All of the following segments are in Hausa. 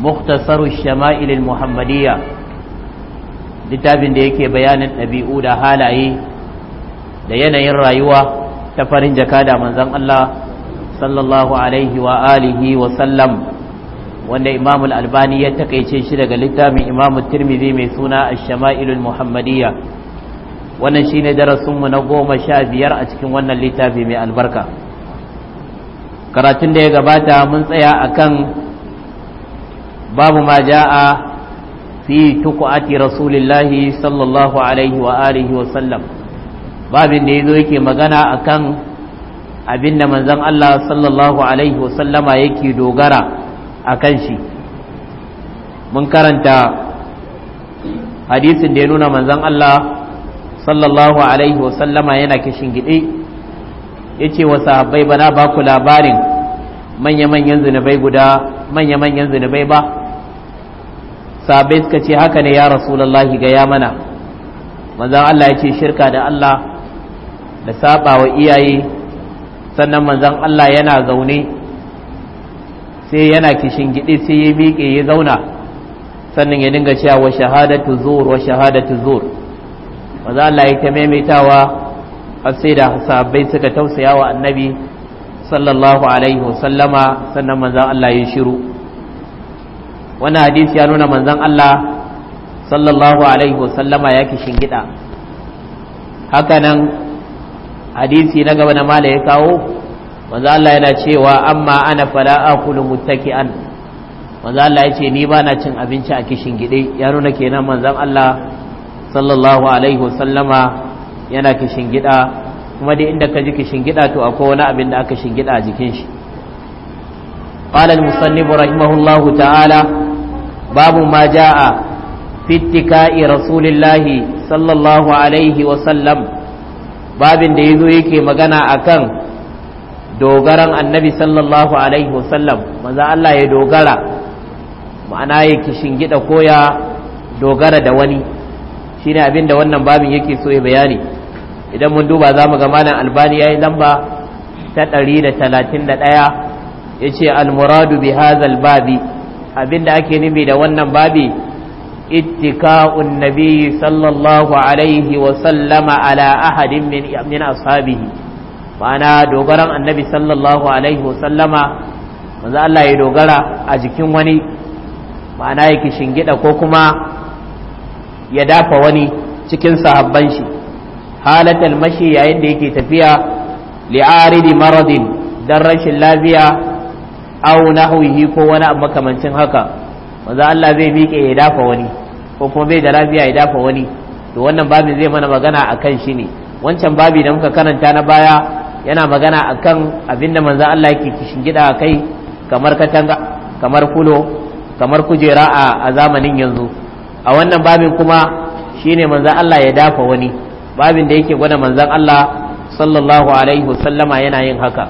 مختصر الشمائل muhammadiyya littafin da yake bayanin ɗabi'u da halaye da yanayin rayuwa ta farin jaka da manzan Allah sallallahu alaihi wa wa sallam wanda imamul albani ya takaice shi daga littafin imam tirmizi mai suna a shamailul muhammadiyya wannan shine darasinmu na goma sha biyar a cikin wannan littafi mai albarka karatun da ya gabata mun tsaya akan babu ma ja'a fi tuku'ati rasulillahi sallallahu alaihi wa alihi wa sallam babin da ya zo yake magana akan da manzan Allah sallallahu alaihi wa sallama yake dogara a kan shi mun karanta hadisin da ya nuna manzan Allah sallallahu alaihi wa sallama yana kishin gide ya ce wa sahabbai bana ba ku labarin manya-manyan zunubai guda manya-manyan zunubai ba sahabbai suka ce haka ne ya rasu ga ya mana manzan Allah yace shirka da Allah da saba wa iyaye sannan manzan Allah yana zaune sai yana kishin gidi sai ya miƙe ya zauna sannan ya dinga cewa wa shahadatu zur wa shahadatu zur manzon Allah ta maimaitawa har sai da sahabbai suka tausaya wa annabi sallallahu alaihi wasallama sannan manzan Allah ya shiru wannan hadisi ya nuna manzan Allah sallallahu alaihi wasallama ya kishin gida hakanan hadisi na gaba na mala ya kawo manzan Allah yana cewa amma ana fala akulu muttaki'an manzo Allah ya ce ni ba na cin abinci a kishin gide ya nuna kenan manzon Allah sallallahu alaihi wasallama yana kishin gida kuma dai inda ka ji kishin gida to akwai wani abin da aka shingida a jikin shi qala al-musannif rahimahullahu ta'ala babu ma jaa fi ittika'i rasulillahi sallallahu alaihi wa sallam babin da yazo yake magana akan dogaran annabi sallallahu alaihi wa sallam manzo Allah ya dogara ma'ana ya kishin gida ko ya dogara da wani shine abin da wannan babin yake so ya bayani idan mun duba za mu ga malam albani ya yi lamba ta 131 ya ce almuradu bi hazal babi abinda ake nufi da wannan babi ittika'un nabi sallallahu alaihi wa sallama ala ahadin min ashabihi ma'ana dogaran annabi sallallahu alaihi wa sallama manzo Allah ya dogara a jikin wani ma'ana yake shingida ko kuma ya dafa wani cikin sahabban shi halat mashi yayin da yake tafiya li'aridi maradin don rashin lafiya na nahwihi ko wani abu makamancin haka manzo Allah zai miƙe ya dafa wani ko kuma bai da lafiya ya dafa wani to wannan babin zai mana magana akan shi ne wancan babi da muka karanta na baya yana magana akan abinda manzo Allah yake kishingida kai kamar katanga kamar kulo kamar kujera a zamanin yanzu a wannan babin kuma shine manzo Allah ya dafa wani babin da yake gwada manzan Allah sallallahu alaihi wasallama yana yin haka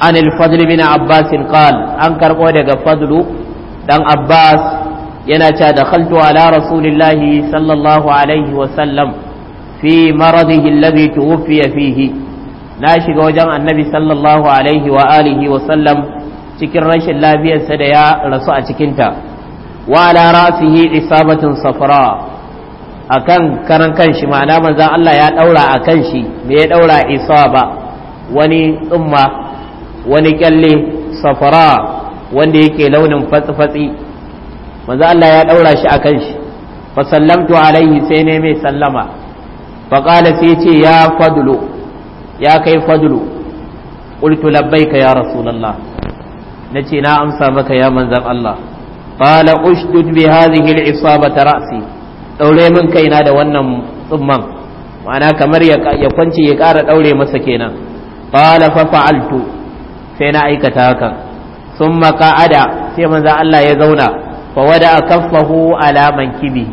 an al-fadl bin abbas qal an karbo daga fadlu dan abbas yana cewa dakhaltu ala rasulillahi sallallahu alaihi wasallam fi maradihi alladhi tuwfiya fihi na shiga wajen annabi sallallahu alaihi wa alihi wa sallam cikin rashin lafiyarsa da ya rasu a cikinta wa ala ra'sihi isabatun safra akan karan kanshi ma'ana manzan Allah ya daura a kanshi me ya daura isaba wani tsumma wani kyalle safara wanda yake launin fatsi-fatsi manzan Allah ya daura shi a kanshi fa sallamtu alaihi sai ne mai sallama fa qala sai ce ya fadlu ya kai fadlu qultu labbaika ya rasulullah nace na amsa maka ya manzan Allah qala ushdud bi hadhihi al-isabata ra'si daure min kai na da wannan tsumman ma'ana kamar ya kwance ya ƙara daure masa kenan qala fa fa'altu sai na aikata haka summa qa'ada sai manzo Allah ya zauna fa a kaffahu ala mankibi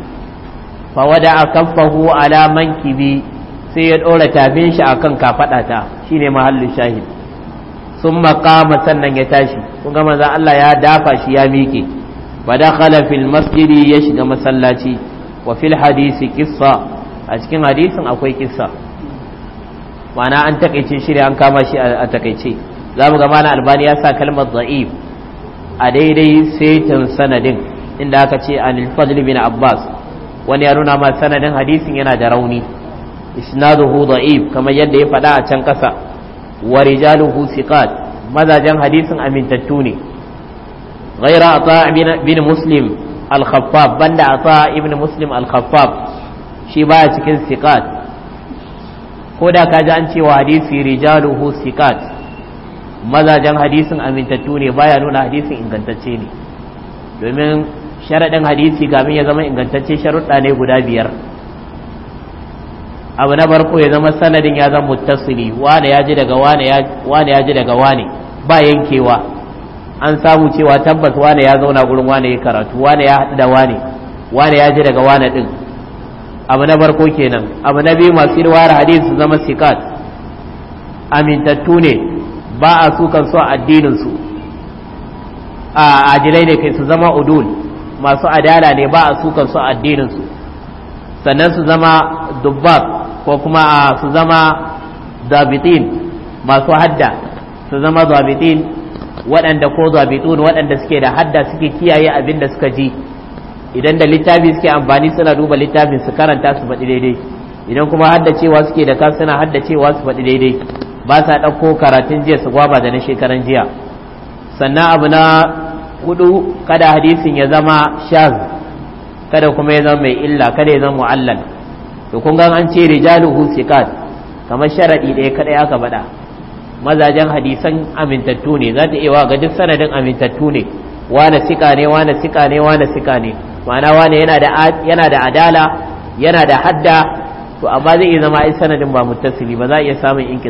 fa ala mankibi sai ya dora tafin shi akan kafaɗata shine mahallin shahid summa qama sannan ya tashi kun ga manzo Allah ya dafa shi ya miƙe fa dakhala fil masjidi ya shiga masallaci wa hadisi kissa a cikin hadisin akwai kissa ma'ana an takaice shi an kama shi a takaice za mu ga mana albani ya sa kalmar za'if a daidai setin sanadin inda aka ce an fadl bin abbas wani ya nuna ma sanadin hadisin yana da rauni isnaduhu za'ib kamar yadda ya faɗa a can ƙasa wa rijaluhu siqat mazajen hadisin amintattu ne ghaira ata bin muslim al-khaffaf banda asa ibn muslim al-khaffaf shi baya cikin siqat ko da ka ji an cewa hadisi rijaluhu siqat mazajen hadisin amintattu ne baya nuna hadisin ingantacce ne domin sharaɗin hadisi gamin ya zama ingantacce sharuɗa ne guda biyar abu na barko ya zama sanadin ya zama muttasili wane ya ji daga wane ya ji daga wane ba yankewa an samu cewa tabbas wane ya zauna gurin wane ya karatu wane ya haɗu da wane wane ya ji daga wane ɗin abu na barko kenan abu na biyu masu riwayar hadisi su zama sikat amintattu ne ba a su kan so addinin su a ajilai ne kai su zama udul masu adala ne ba a su kan so addinin su sannan su zama dubbab ko kuma su zama zabitin masu hadda su zama zabitin waɗanda ko zabitun waɗanda suke da hadda suke kiyaye abin da suka ji idan da littafi suke amfani suna duba littafin su karanta su faɗi daidai idan kuma hadda cewa suke da kan suna cewa su faɗi daidai ba sa ɗauko karatun jiya su gwaba da na shekaran jiya sannan abu na hudu kada hadisin ya zama shaz kada kuma ya zama mai illa kada ya zama mu'allal to kun ga an ce rijaluhu sikat kamar sharadi ɗaya kada aka faɗa mazajen hadisan amintattu ne za ta iya ga duk sanadin amintattu ne wane sika ne wane sika ne wane sika ne ma'ana wane yana da adala yana da hadda to amma zai iya zama ai sanadin ba muttasili ba za a iya samun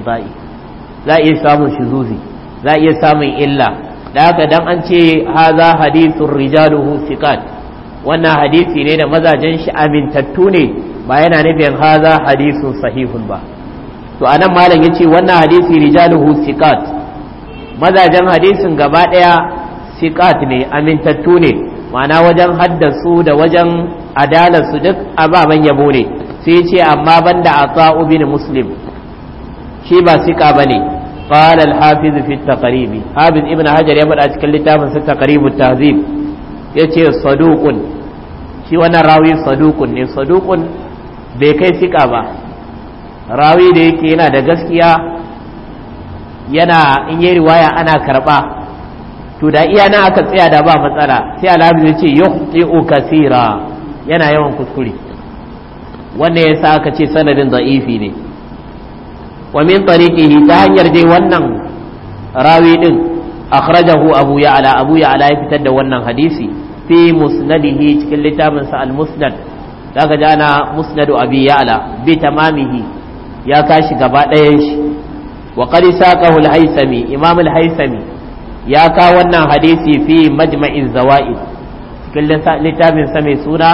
za'i za a iya samun zuzi za a iya samun illa da haka dan an ce haza hadithur rijaluhu sikat wannan hadisi ne da mazajen shi amintattu ne ba yana nufin haza hadisun sahihun ba to a nan malam ya ce wannan hadisi rijaluhu sikat mazajen hadisin gaba daya sikat ne amintattu ne ma'ana wajen haddasu da wajen adalar su duk ababan yabo ne sai ce amma banda ata'u bin muslim shi ba sika siqa bane قال الحافظ في التقريب حافظ ابن حجر يبدأ cikin littafin sa taqrib at ya yace saduqun shi wannan rawi saduqun ne sadukun bai kai sika ba rawi da yake yana da gaskiya yana in yi riwaya ana karba to da iya na aka tsaya da ba matsala sai alhamdu ya ce yukhti'u kasira yana yawan kuskure wannan ya sa aka ce sanadin za'ifi ne wa min tariqihi ta hanyar dai wannan rawi din akhrajahu abu ya'la abu ya'la ya fitar da wannan hadisi fi musnadihi cikin littafin sa al-musnad daga jana musnadu abi ya'la bi tamamihi ya kashi gaba ɗayan shi wa qad saqahu al-haythami imam al-haythami ya ka wannan hadisi fi majma'in zawaid cikin littafin sa mai suna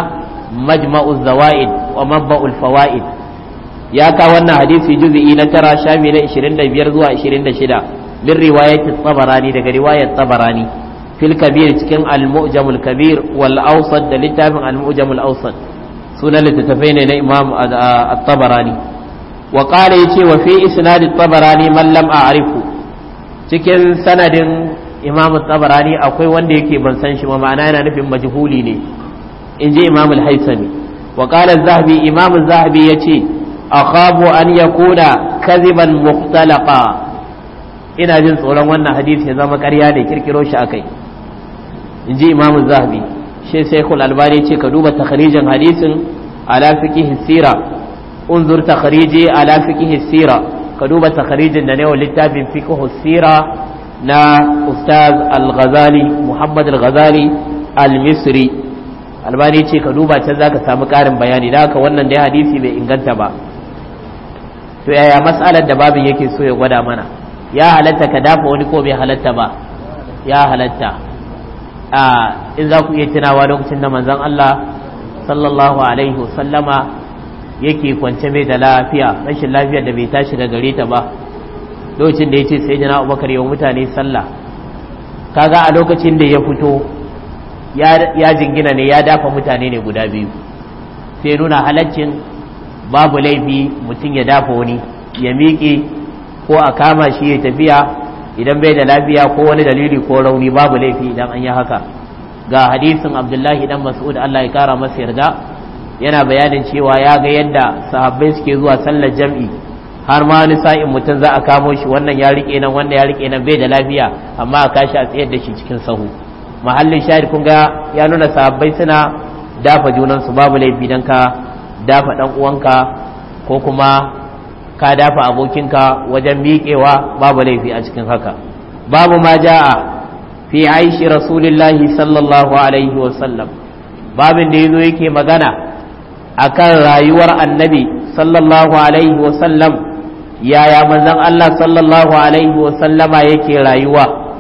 majma'uz zawaid wa mabba'ul fawaid ya ka wannan hadisi juz'i na tara shami na 25 zuwa 26 min riwayati tabarani daga riwayat tabarani fil kabir cikin al-mu'jamul kabir wal awsat da littafin al-mu'jamul awsat sunan littattafai ne na imam at-tabarani wa qala yace wa fi isnad at-tabarani man lam a'rifu cikin sanadin imam tabarani akwai wanda yake ban san shi ba ma'ana yana nufin majhuli ne in je imam al-haisami wa qala az-zahabi imam az-zahabi yace akhabu an yakuna kadhiban mukhtalaqa ina jin tsoron wannan hadisi ya zama ƙarya da kirkiro shi akai in je imam az-zahabi shi sai albani ce ka duba takhrijin hadisin ala fiqh sira unzur takhariji ala fiqhi sira ka duba takharijin da ne littafin fiqhu sira na ustaz al-ghazali muhammad al-ghazali al-misri albani ce ka duba can zaka sami karin bayani da haka wannan dai hadisi bai inganta ba to yaya mas'alar da babin yake so ya gwada mana ya halatta ka dafa wani ko bai halatta ba ya halatta in za ku iya tunawa lokacin da manzon Allah sallallahu alaihi wasallama yake kwance mai da lafiya rashin lafiya da bai tashi da gare ta ba lokacin da ya ce sai jana abubakar yau mutane sallah kaga a lokacin da ya fito ya jingina ne ya dafa mutane ne guda biyu sai nuna halaccin babu laifi mutum ya dafa wani ya miƙe ko a kama shi ya tafiya idan bai da lafiya ko wani dalili ko rauni babu laifi idan an yi haka ga hadisin abdullahi dan mas'ud Allah ya kara masa yarda yana bayanin cewa ya ga yadda sahabbai suke zuwa sallar jam'i har ma wani sa'in mutum za a kamo shi wannan ya rike nan wannan ya rike nan bai da lafiya amma a kashi a tsayar da shi cikin sahu mahallin shahid kun ga ya nuna sahabbai suna dafa junansu babu laifi dan ka dafa dan uwanka ko kuma ka dafa abokinka wajen miƙewa babu laifi a cikin haka babu ma ja'a fi aishi rasulillahi sallallahu alaihi wasallam babin da yazo yake magana akan rayuwar annabi sallallahu alaihi wasallam yaya manzon Allah sallallahu alaihi wasallama yake rayuwa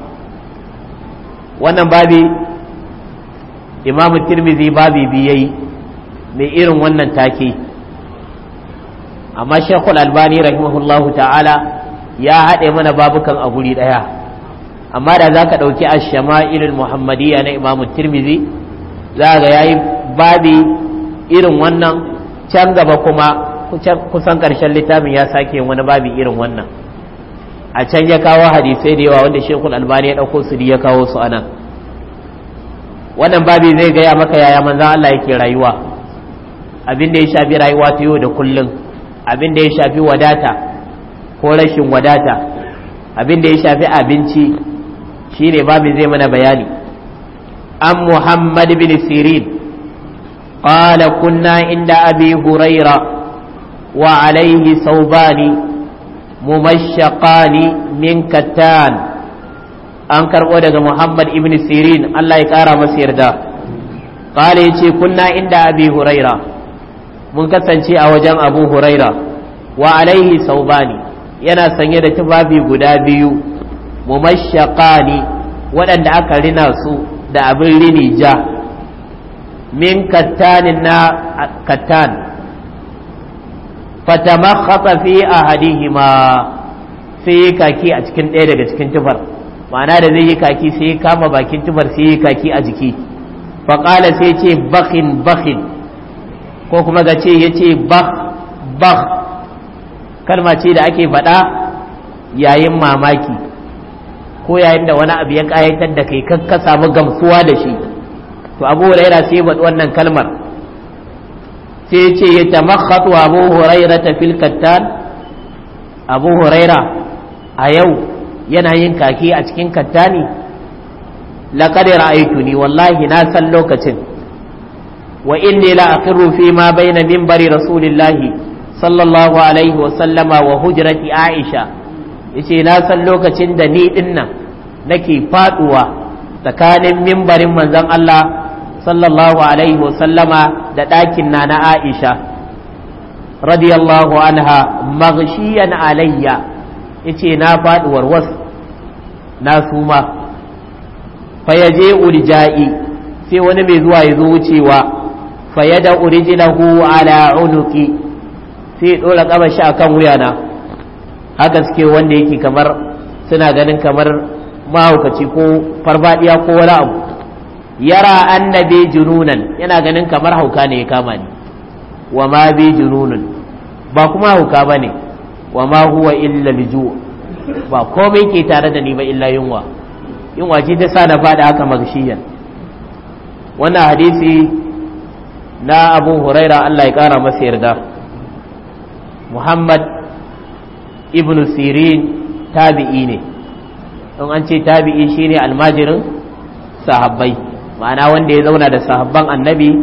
wannan babi imamu tirmizi babi biyayi mai irin wannan take amma shekul albani rahimahullahu ta'ala ya haɗe mana babukan a guri ɗaya amma da za ka ɗauki a shama'ilul muhammadiyya na imamu tirmizi za ga yayi babi irin wannan can gaba kuma kusan karshen littafin ya sake wani babi irin wannan a can ya kawo hadisai da yawa wanda shekul albani ya ɗauko su ya kawo su anan wannan babi zai gaya maka yaya manzan Allah yake rayuwa abin da ya shafi rayuwa ta yau da kullum abin da ya shafi wadata ko rashin wadata abin da ya shafi abinci shi ne babi zai mana bayani an muhammad bin sirin قال كنا عند أبي هريرة وعليه ثوبان ممشقان من كتان أنكر ودق محمد ابن سيرين الله يكارى مسير ده قال يتي كنا عند أبي هريرة من كتنشي أوجان أبو هريرة وعليه ثوبان ينا sanye da tufafi guda biyu mumashaqani waɗanda aka rina su da abin rini ja min kattanin na kattan fatamakhata fi ahadihima sai yi kaki a cikin ɗaya daga cikin tufar ma'ana da zai yi kaki sai ya kama bakin tufar sai yi kaki a jiki faƙala sai ce bakin bakin ko kuma ga ce ya ce bak bak kalma ce da ake faɗa yayin mamaki ko yayin da wani abu ya ƙayatar da kai ka samu gamsuwa da shi to abu huraira sai ya wannan kalmar sai ce ya tamakhatu abu huraira ta fil kattan abu huraira a yau yana yin kaki a cikin kattani laqad ra'aytuni wallahi na san lokacin wa inni la aqiru fi ma bayna minbari rasulillahi sallallahu alaihi wa sallama wa hujrati aisha yace na san lokacin da ni dinnan nake faduwa tsakanin mimbarin manzon Allah sallallahu alaihi sallama da ɗakin na na aisha radiyallahu anha maghshiyan alayya yace na faɗuwar warwas na suma fayaje urja'i sai wani mai zuwa ya zo wucewa fayada urjilahu ala unuki sai dora kaba shi akan wuyana haka suke wanda yake kamar suna ganin kamar mahaukaci ko farfadiya ko wani abu yara annabi jununan yana ganin kamar hauka ne ya kama ni wa ma bi jununan ba kuma hauka bane wa ma huwa illa liju ba komai ke tare da ni ba illa yunwa yunwa ce ta sa na fada haka magshiyan wannan hadisi na abu huraira Allah ya kara masa yarda muhammad ibn sirin tabi'i ne in an ce tabi'i shine almajirin sahabbai ma'ana wanda ya zauna da sahabban annabi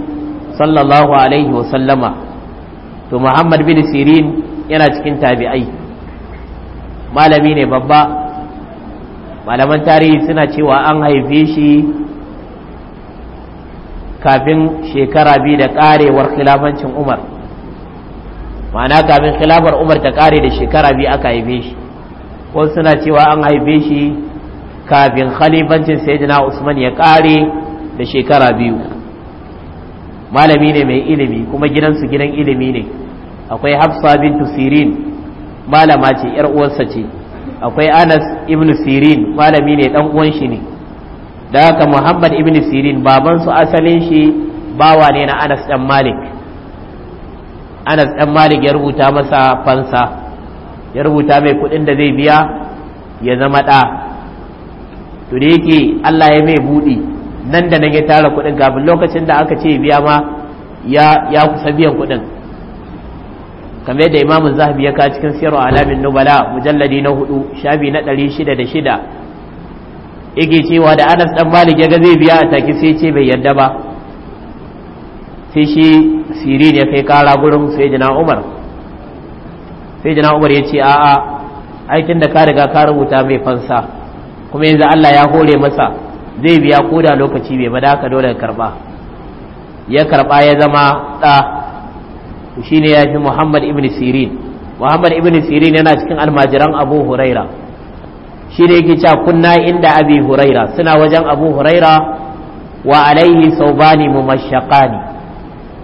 sallallahu alaihi wa sallama to muhammad bin sirin yana cikin tabi'ai malami ne babba malaman tarihi suna cewa an haife shi kafin shekara biyu da karewar khilafancin umar ma'ana kafin khilafar umar ta kare da shekara biyu aka haife shi ko suna cewa an haife shi kafin khalifancin sayyidina usman ya kare da shekara biyu malami ne mai ilimi kuma gidansu gidan ilimi ne akwai hafsa bintu sirin malama ce yar uwarsa ce akwai anas ibn sirin malami ne dan uwan shi ne da haka muhammad ibn sirin baban su asalin shi bawa ne na anas dan malik anas dan malik ya rubuta masa fansa ya rubuta mai kudin da zai biya ya zama da to yake allah ya mai buɗi nan da nan ya tara kuɗin kafin lokacin da aka ce biya ma ya kusa biyan kuɗin kamar da imamun zahabi ya ka cikin siyarwa alamin nubala mujalladi na hudu shabi na ɗari shida da shida yake cewa da anas dan malik ya ga zai biya a taki sai ce bai yadda ba sai shi siri ne kai kara gurin sai jina umar sai jina umar ya ce a'a aikin da ka riga ka rubuta mai fansa kuma yanzu allah ya hore masa zai biya ko da lokaci bai bada ka dole karba ya karba ya zama ɗa shi ne ya fi muhammad ibn sirin muhammad ibn sirin yana cikin almajiran abu huraira shi ne yake cewa kunna inda abi huraira suna wajen abu huraira wa alaihi saubani mumashaqani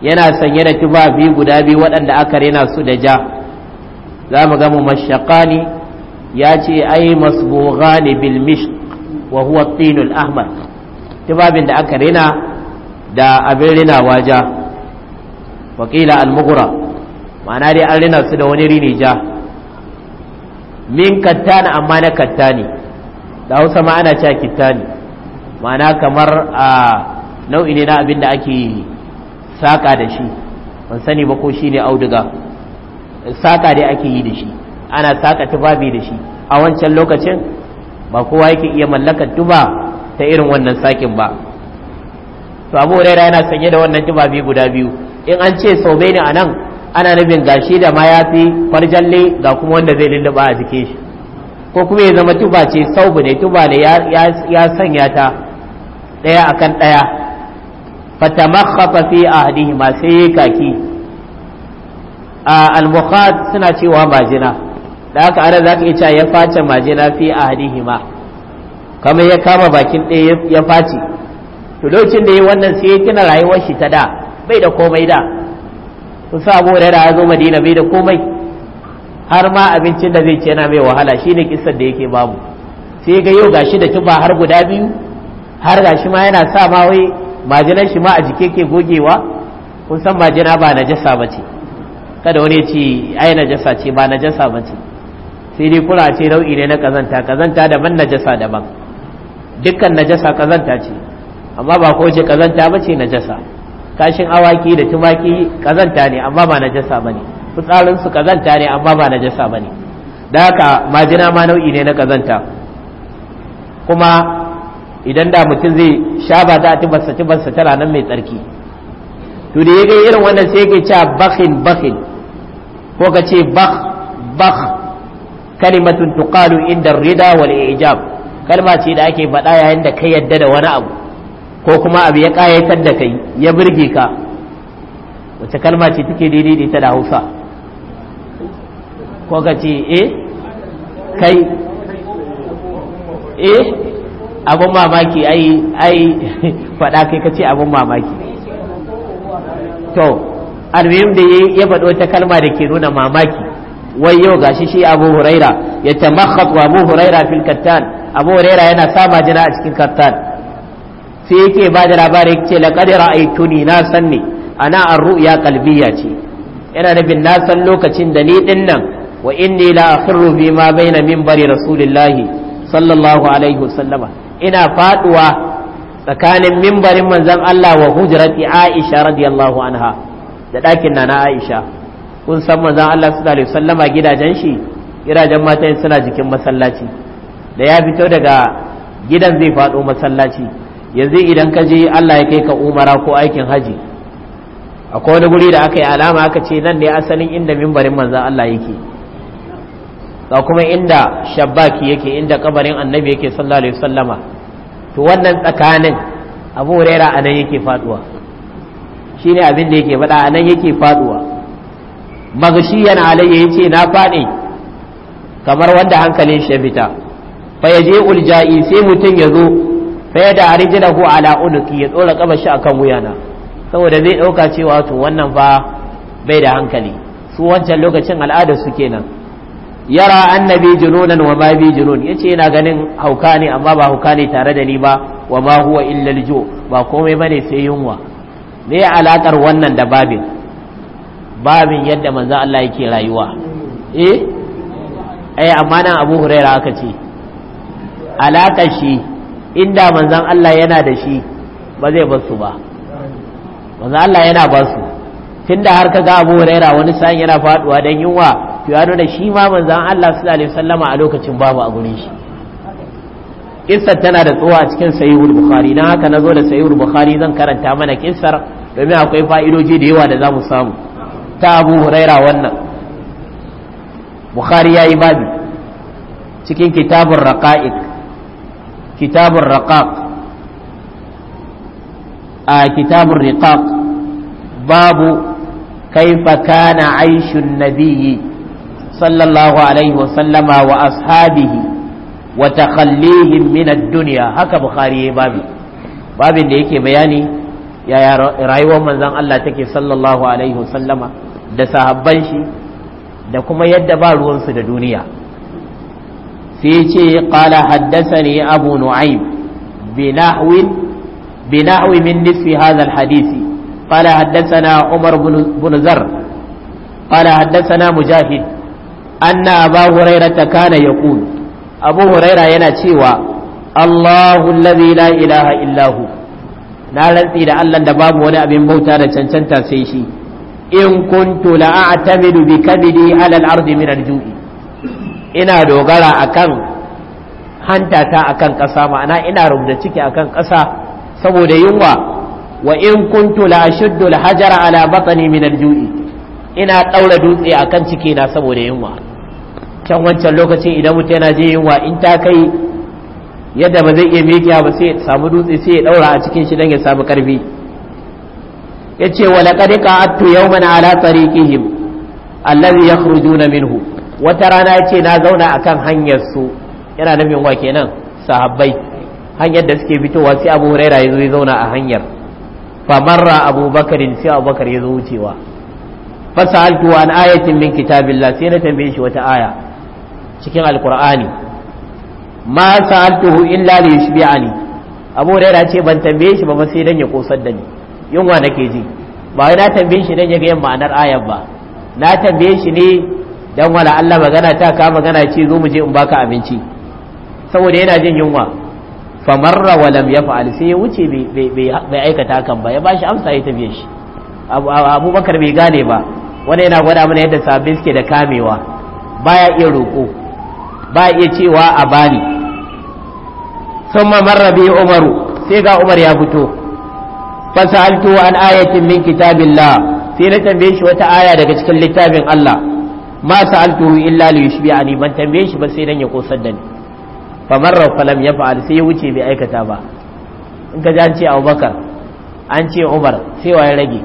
yana sanye da tuba biyu guda biyu waɗanda aka rena su da ja za mu ga mumashaqani ya ce ai masbughani bil mishk wa huwa tinul ahmad tubabin da aka rina da abin rina wa ja wakila al-mughra ma'ana dai an rina su da wani rini ja min kattani amma na kattani da hausa ma ana cewa kittani ma'ana kamar a nau'i ne na abin da ake saka da shi ban sani ba ko shine auduga saka dai ake yi da shi ana saka tufafi da shi a wancan lokacin ba kowa yake iya mallakar tuba ta irin wannan sakin ba to abu huraira yana sanye da wannan tuba biyu guda biyu in an ce sau bai ne a nan ana nufin gashi da mayafi farjalle ga kuma wanda zai lulluba a jike shi ko kuma ya zama tuba ce saubu ne tuba ne ya sanya ta ɗaya akan ɗaya fatamakhafa fi ma sai kaki a al suna cewa majina da haka ana za ka iya cewa ya face majina fi hima kamar ya kama bakin ɗaya ya face to lokacin da ya wannan sai ya rayuwar shi ta da bai da komai da to sa abu da ya zo madina bai da komai har ma abincin da zai ci yana mai wahala shine kissar da yake babu sai ga yau gashi da kiba har guda biyu har gashi ma yana sa ma wai majinan shi ma a jike ke gogewa kun san majina ba najasa bace kada wani ya ce ai najasa ce ba najasa bace sai dai ce nau'i ne na kazanta kazanta daban najasa daban dukkan najasa kazanta ce amma ba ko ce kazanta ba ce najasa kashin awaki da tumaki kazanta ne amma ba najasa bane fitsarin su kazanta ne amma ba najasa bane da haka majina ma nau'i ne na kazanta kuma idan da mutum zai sha ba za a tuba sa tana nan mai tsarki to da ya ga irin wannan sai yake cewa bakhin bakhin ko ka ce bakh bakh kalimatun tuqalu inda rida wal ijab kalma ce da ake faɗa yayin da kai yadda da wani abu ko kuma abu ya ƙayatar da kai ya burge ka wace kalma ce take daidai da ita Hausa ko ka ce eh kai eh abun mamaki ai ai faɗa kai ka ce abun mamaki to almuhim da ya faɗo ta kalma da ke nuna mamaki wai yau gashi shi abu huraira ya tamakhat wa abu huraira fil kattan abu huraira yana sama jina a cikin kattan sai yake ba da labari ce laqad ra'aytuni na sanni ana ar-ru'ya ce yana nufin na san lokacin da ni din nan wa inni la akhru ma baina minbari rasulillahi sallallahu alaihi wasallama ina faduwa tsakanin mimbarin manzon Allah wa hujrati Aisha radiyallahu anha da ɗakin na na Aisha kun san manzon Allah sallallahu alaihi wasallama gidajen shi gidajen matan suna jikin masallaci da ya fito daga gidan zai faɗo masallaci yanzu idan ka je Allah ya kai ka umara ko aikin haji akwai wani guri da aka yi alama aka ce nan ne asalin inda mimbarin manzan Allah yake ga kuma inda shabbaki yake inda kabarin annabi yake sallallahu alaihi wasallama to wannan tsakanin abu huraira anan yake faduwa shine abin da yake faɗa anan yake faduwa yana alayya yace na faɗi kamar wanda hankalin shi ya fita fa yaje ulja'i sai mutum ya zo fa ya da arjilahu ala unuki ya dora shi akan wuyana saboda zai dauka cewa to wannan ba bai da hankali su wancan lokacin al'ada su kenan yara annabi jununan wa ma bi junun yace yana ganin hauka ne amma ba hauka ne tare da ni ba wa ma huwa illa ba komai bane sai yunwa me alakar wannan da babin babin yadda manzan Allah yake rayuwa eh? eh amma nan abu huraira aka ce alaƙar shi inda manzan Allah yana da shi ba zai basu ba manzan Allah yana basu tun da har ka ga abu huraira wani sa'in yana faduwa don yunwa to ya nuna shi ma manzan Allah sallallahu alaihi wasallama a lokacin babu a gurin shi kissar tana da tsowa a cikin sahihul bukhari dan haka nazo da sahihul bukhari zan karanta mana kissar domin akwai fa'idoji da yawa da za mu samu ta abu huraira wannan bukhari ya yi babi cikin kitabun raqa'iq kitabun raqaq a kitabun riqaq babu kaifa kana aishun nabiyyi sallallahu alaihi wasallama wa ashabihi wa takhallihim min ad-dunya haka bukhari ya babi babin da yake bayani yaya rayuwar manzon Allah take sallallahu alaihi wasallama da sahabban shi da kuma yadda ba ruwansu da duniya sai ce qala haddathani abu nu'aym binahwin binahwi min nisfi hadha alhadisi qala haddathana umar bin zar qala haddathana mujahid anna abu hurairah kana yaqul abu yana cewa allahu alladhi la ilaha na rantsi da Allah da babu wani abin bauta da cancanta sai shi in kuntu la'atamidu bi kabidi alal ardi min ju'i ina dogara akan hantata akan ƙasa ma'ana ina rubuta ciki akan kasa saboda yunwa wa in kuntu la ashuddu hajara ala batni min al-ju'i ina daura dutse akan ciki na saboda yunwa can wancan lokacin idan mutum yana jin yunwa in ta kai yadda ba zai iya mikiya ba sai ya samu dutse sai ya daura a cikin shi dan ya samu karfi yace wa laqad qa'adtu yawman ala tariqihim allazi na minhu wata rana ce na zauna kan hanyar su yana nufin wa kenan sahabbai hanyar da suke fitowa sai Abu Huraira yazo ya zauna a hanyar famarra Abu Bakarin sai Abu Bakar yazo wucewa fasaltu an ayatin min kitabillah sai na tambaye shi wata aya cikin alkur'ani ma sa'altuhu illa li yushbi'ani Abu Huraira ce ban tambaye shi ba sai dan ya kosar da ni yunwa nake ji ba wai na tambaye shi dan yaga ga ma'anar ayar ba na tambaye shi ne dan wala Allah magana ta ka magana ce zo mu je in baka abinci saboda yana jin yunwa famarra wa lam yaf'al sai ya wuce bai aikata kan ba ya bashi amsa ya tafiye shi abubakar bai gane ba wanda yana gwada mana yadda sabbin suke da kamewa baya iya roƙo baya iya cewa a bani sun mamarra bi umaru sai ga umar ya fito fasaltu an ayatin min kitabillah sai na tambaye shi wata aya daga cikin littafin Allah ma sa'altuhu illa li ani ban tambaye shi ba sai dan ya kosar da ni marra fa ya yaf'al sai ya wuce bai aikata ba in ka ji an ce Abubakar an ce Umar sai waye rage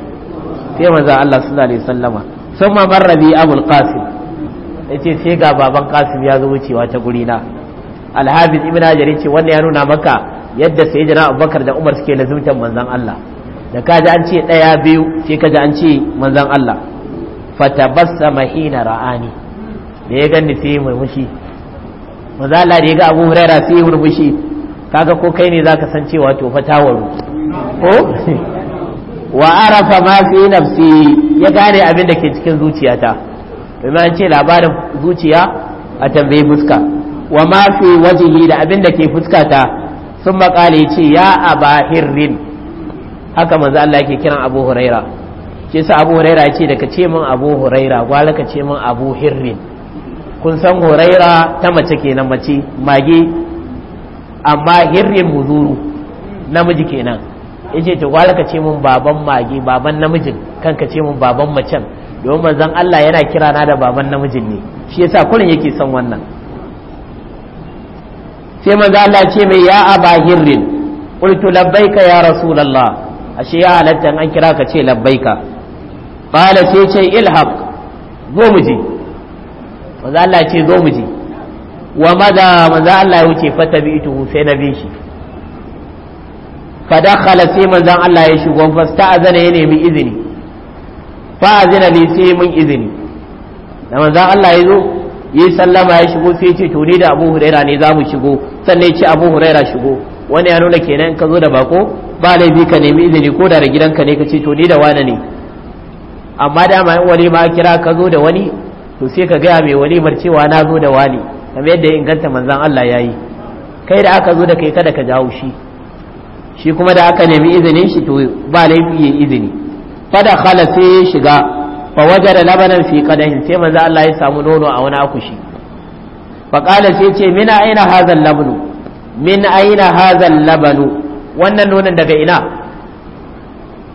sai manzo Allah sallallahu alaihi wasallama sun marra bi Abul Qasim yace sai ga baban Qasim ya zo wucewa ta guri na Al-Hafiz Ibn Hajar yace wannan ya nuna maka yadda sai sayyidina Abubakar da Umar suke lazumtan manzon Allah da ji an ce ɗaya biyu sai ji an ce manzan Allah fatabassa mahina ra'ani da ya gani sai murmushi manzan Allah da ya ga abu huraira sai murmushi kaga ko kai ne zaka san cewa to fa ko wa arafa ma fi nafsi ya gane abin da ke cikin zuciyata domin an ce labarin zuciya a tambayi fuska wa ma fi wajihi da abin da ke fuskata sun maƙale ce ya abahirrin haka manzo Allah yake kiran Abu Huraira shi sa Abu Huraira yace daga ce min Abu Huraira gwala ka ce min Abu Hirrin kun san Huraira ta mace kenan mace mage amma Hirrin muzuru namiji kenan yace to gwala ka ce min baban mage baban namijin kan ka ce min baban macen domin manzon Allah yana kira na da baban namijin ne shi yasa kullun yake san wannan sai manzo Allah ce mai ya Aba Hirrin qultu labbaika ya rasulullah ashe ya halatta an kira ka ce labbaika qala sai ce ilhaq zo mu je manzo Allah ce zo mu je wa maza manzo Allah ya wuce fatabi'tuhu sai na bi shi fadakhala dakhala sai manzo Allah ya shigo fasta'azana ya nemi izini fa azina li sai mun izini da manzo Allah ya zo yi sallama ya shigo sai ce to ni da abu huraira ne za mu shigo sannan ya ce abu huraira shigo wani ya nuna kenan ka zo da bako ba laifi ka nemi izini ko da gidanka ne ka ce to ni da wani ne amma da ma wani ma kira ka zo da wani to sai ka gaya mai walimar cewa na zo da wani kamar yadda ya inganta manzan Allah ya yi kai da aka zo da kai kada ka ji haushi shi kuma da aka nemi izinin shi to ba laifi ya izini fada khala sai ya shiga fa wajada labanan fi qadahin sai manzan Allah ya samu nono a wani akushi fa qala sai ce mina aina hadha labanu min aina hadha labanu wannan nonon daga ina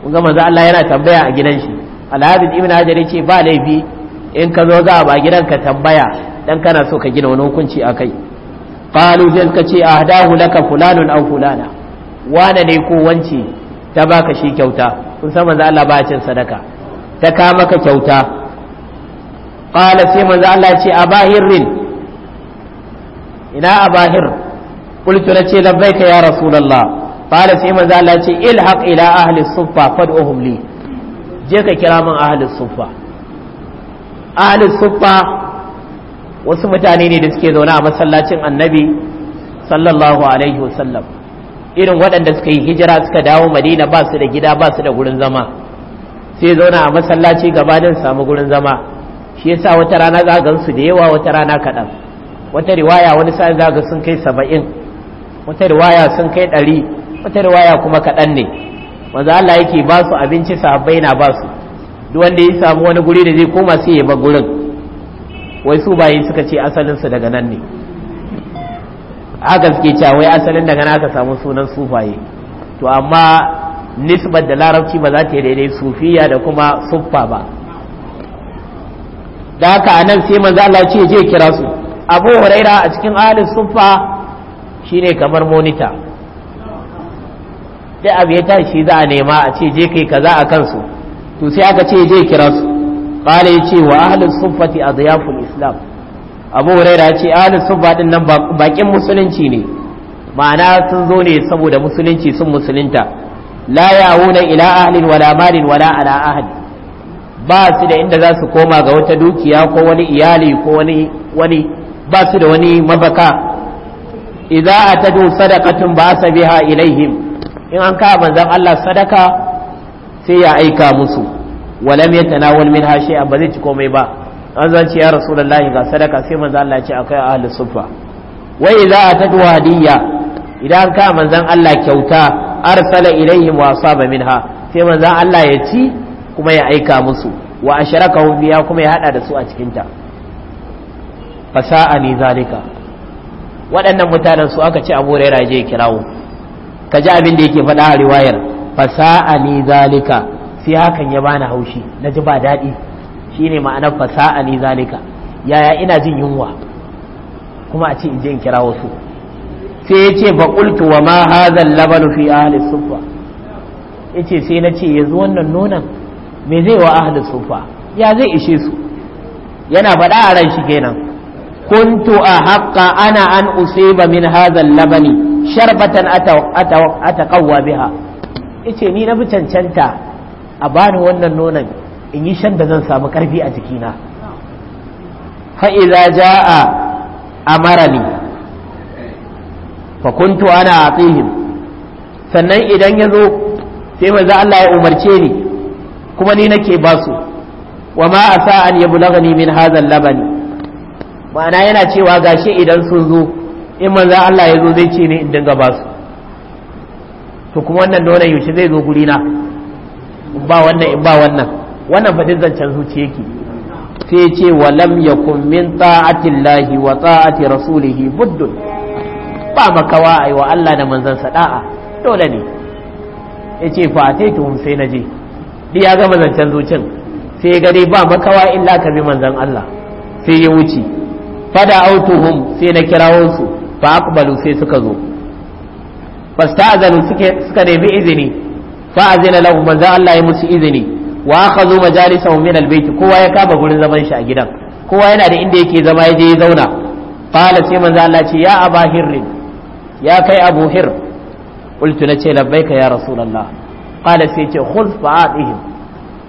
kun ga manzo Allah yana tambaya a gidan shi Al-Hadid ibn hajar yace ba laifi in ka zo za ba gidan ka tambaya dan kana so ka gina wani hukunci akai qalu zai ka ce ahdahu laka fulanun aw fulana wane ne ko wance ta baka shi kyauta kun san manzo Allah ba cin sadaka ta ka maka kyauta qala sai manzo Allah ya ce abahirin ina abahir qultu na ce ya rasulullah qala sai manzo Allah ce ilhaq ila ahli suffa fad'uhum li je ka kira min ahli suffa ahli suffa wasu mutane ne da suke zaune a masallacin annabi sallallahu alaihi wasallam irin waɗanda suka yi hijira suka dawo madina ba su da gida ba su da gurin zama sai zauna a masallaci gabanin samu gurin zama shi yasa wata rana za ga su da yawa wata rana kaɗan wata riwaya wani sa za ga sun kai saba'in wata riwaya sun kai ɗari wata riwaya kuma kaɗan ne wanzu Allah yake ba su abinci sahabbai na ba su duk wanda ya samu wani guri da zai koma sai ya bar gurin wai su bayin suka ce asalin su daga nan ne a gaske cewa wai asalin daga nan aka samu sunan sufaye to amma nisbar da larabci ba za ta yi daidai sufiya da kuma suffa ba da haka nan sai manzo Allah ce je kira su Abu Huraira a cikin ahli suffa shine kamar monitor sai abu ya tashi za a nema a ce je kai kaza a kansu to sai aka ce je kira su ya ce wa sufati a zayafun islam abu huraira yace ahlus suffa din nan bakin musulunci ne ma'ana sun zo ne saboda musulunci sun musulunta la na ila ahalin wala malin wala ala ahli ba su da inda za su koma ga wata dukiya ko wani iyali ko wani wani ba su da wani mafaka idza atadu sadaqatun ba sabiha ilaihim in an kawo manzan Allah sadaka sai ya aika musu walam ya tanawul min hashi ba zai ci komai ba an zan ce ya rasulullahi ga sadaka sai manzan Allah ce akai ahli sufa wa idza atadu hadiyya idan ka manzan Allah kyauta arsala ilaihi wa asaba minha sai manzan Allah ya ci kuma ya aika musu wa asharakahu biya kuma ya hada da su a cikin ta fasa'ani zalika waɗannan mutanen su aka ci abu raira je kirawo ka ji abin da yake faɗa a riwayar fasa'ani zalika sai hakan ya bani haushi na ji ba daɗi Shi ne ma'anar fasa'ani zalika yaya ina jin yunwa kuma a ce in je in kira wasu sai ya ce baƙulki wa ma hazan labanu fi halis sufa ya ce sai na ce yanzu wannan nonon me zai wa ahalis sufa ya zai ishe su yana faɗa a ran shi kenan kuntu a haƙa ana an useba min hazan labani sharbatan ataqawwa biha ice ni na fi cancanta a bani wannan nonon in yi shan da zan samu karfi a jikina fa idza jaa amarani fa kuntu ana atihim sannan idan ya zo sai manzo Allah ya umarce ni kuma ni nake ba su wa ma asa an yablagani min hadha labani ma'ana yana cewa gashi idan sun zo in manzan Allah ya zo zai ce ne in dinga ba su to kuma wannan da wannan yaushe zai zo guri na in ba wannan in ba wannan wannan fadin zancen zuci yake sai ya ce wa lam yakun min lahi wa ta'ati rasulihi buddun ba makawa ai wa Allah da manzan sa da'a dole ne ya ce fa sai tuhum sai na je duk ya gama zancen zucin sai ya gare ba makawa illa ka bi manzan Allah sai ya wuce fada autuhum sai na kirawo su fa aqbalu sai suka zo fasta'zanu suke suka nemi izini fa azina lahu manzo Allah ya musu izini wa akhadhu majalisahum min albayt kowa ya kaba gurin zaman shi a gidan kowa yana da inda yake zama yaje ya zauna Fala sai manzo Allah ce ya abahir ya kai abu hir qultu ce labbaika ya rasulullah qala sai ce khudh fa'atihim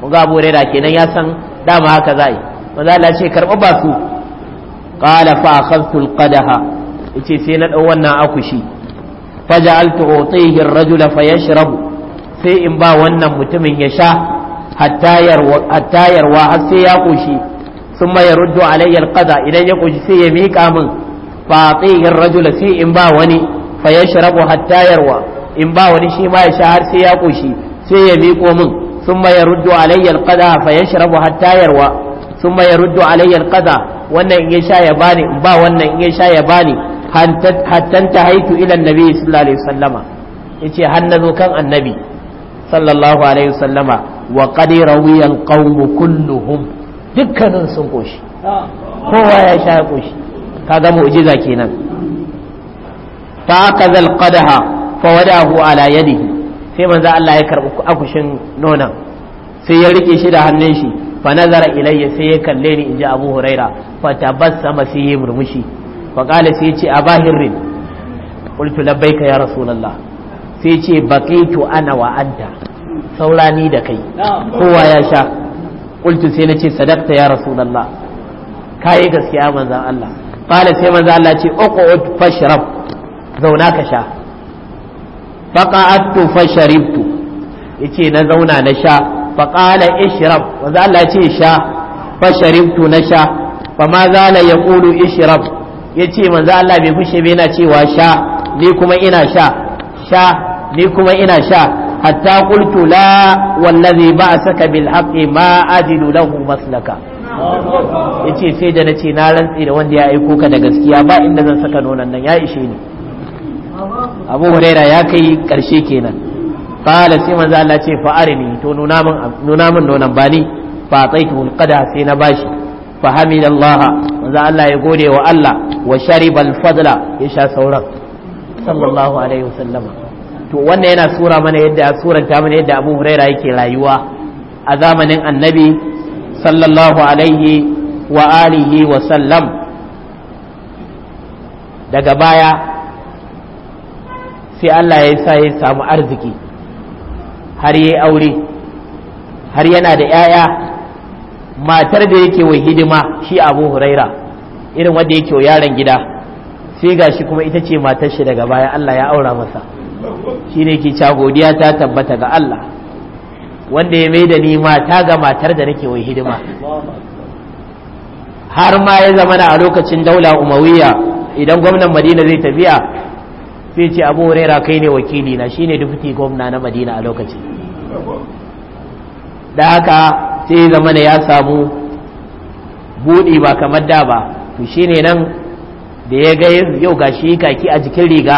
Mu ga abu da kenan ya san dama haka zai manzo Allah ce karba ba su qala fa akhadhtu alqadaha yace sai na dau wannan akushi faj'altu utihi ar-rajula fayashrabu sai in ba wannan mutumin ya sha hatta yarwa har sai ya koshi sun ma yaruddu alayya al idan ya koshi sai ya mika min fa atihi ar-rajula sai in ba wani fayashrabu hatta yarwa in ba wani shi ma ya sha har sai ya koshi sai ya miko min sun ma yaruddu alayya al-qada fayashrabu hatta yarwa sun ma yaruddu alayya al wannan in ya sha ya bani in ba wannan in ya sha ya bani ta haitu ilan annabi sallallahu alaihi wasallama yace har zo kan annabi sallallahu alaihi wasallama wa qad rawiya alqawm kulluhum dukkanin sun koshi kowa ya sha koshi kaga mu'jiza kenan fa akaza alqadaha fa wadahu ala yadihi sai manzo Allah ya karbi akushin nonan sai ya rike shi da hannun shi fa nazara ilayya sai ya kalle ni inji Abu Huraira fa tabassama sai ya murmushi faƙala sai ce a bahirin ƙultu ka ya rasulallah sai ce baƙaitu ana wa anta saurani da kai kowa ya sha ƙultu sai na ce sadakta ya rasulallah ka yi gaskiya manzan Allah ƙala sai manzan Allah ce uqud fashrab zauna ka sha faqa'attu fasharibtu ce na zauna na sha faqala ishrab manzan Allah ce sha fasharibtu na sha fa ma zala yaqulu ishrab ya ce manzo Allah bai gushe ba yana cewa sha ni kuma ina sha sha ni kuma ina sha hatta qultu la wallazi ba'asaka bil haqqi ma ajidu lahu maslaka yace sai da nace na rantsi da wanda ya aiko ka da gaskiya ba inda zan saka nonon nan ya ishe ni Abu Huraira ya kai karshe kenan fala sai manzo Allah ce fa arini to nuna min nuna min nonan bani fa taitu qada sai na bashi fa hamidallaha za Allah ya gode wa Allah wa sharibal fadla ya sha sauran sallallahu alaihi wasallam to wannan yana sura mana yadda suranta mana yadda Abu Huraira yake rayuwa a zamanin Annabi sallallahu alaihi wa alihi wa sallam daga baya sai Allah ya sa ya samu arziki har yi aure har yana da 'ya'ya matar da yake wa hidima shi abu huraira irin wanda yake wa yaron gida sai gashi kuma ita ce matar shi daga baya Allah ya aura masa shi ne ke ca godiya ta tabbata ga Allah wanda ya maida da ni mata ga matar da nake wa hidima har ma ya zama a lokacin daula umawiya idan gwamnan madina zai tafiya sai ce abu huraira kai ne wakili na shine dufti gwamna na madina a lokacin da haka sai zama da ya samu buɗi ba kamar da ba to shi ne nan da ya ga yau shi kaki a jikin riga